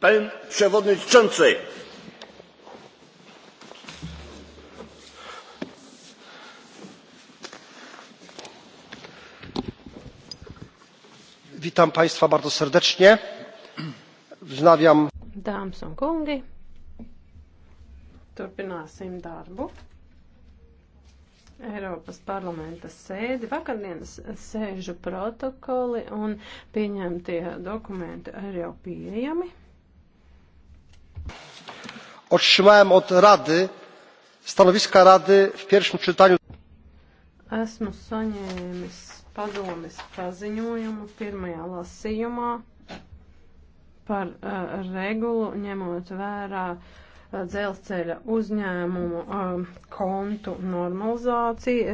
Panie Przewodniczący! Witam Państwa bardzo serdecznie. Wznawiam. Dāmas un kungi, turpināsim darbu. Eiropas parlamenta sēdi, vakardienas sēžu protokoli un pieņemtie dokumenti arī jau pieejami. Otrzymałem od Rady stanowiska Rady w pierwszym czytaniu. Esmu saņēmis padomis paziņojumu pirmajā lasījumā par uh, regulu, ņemot vērā uh, dzelzceļa uzņēmumu um, kontu normalizācija.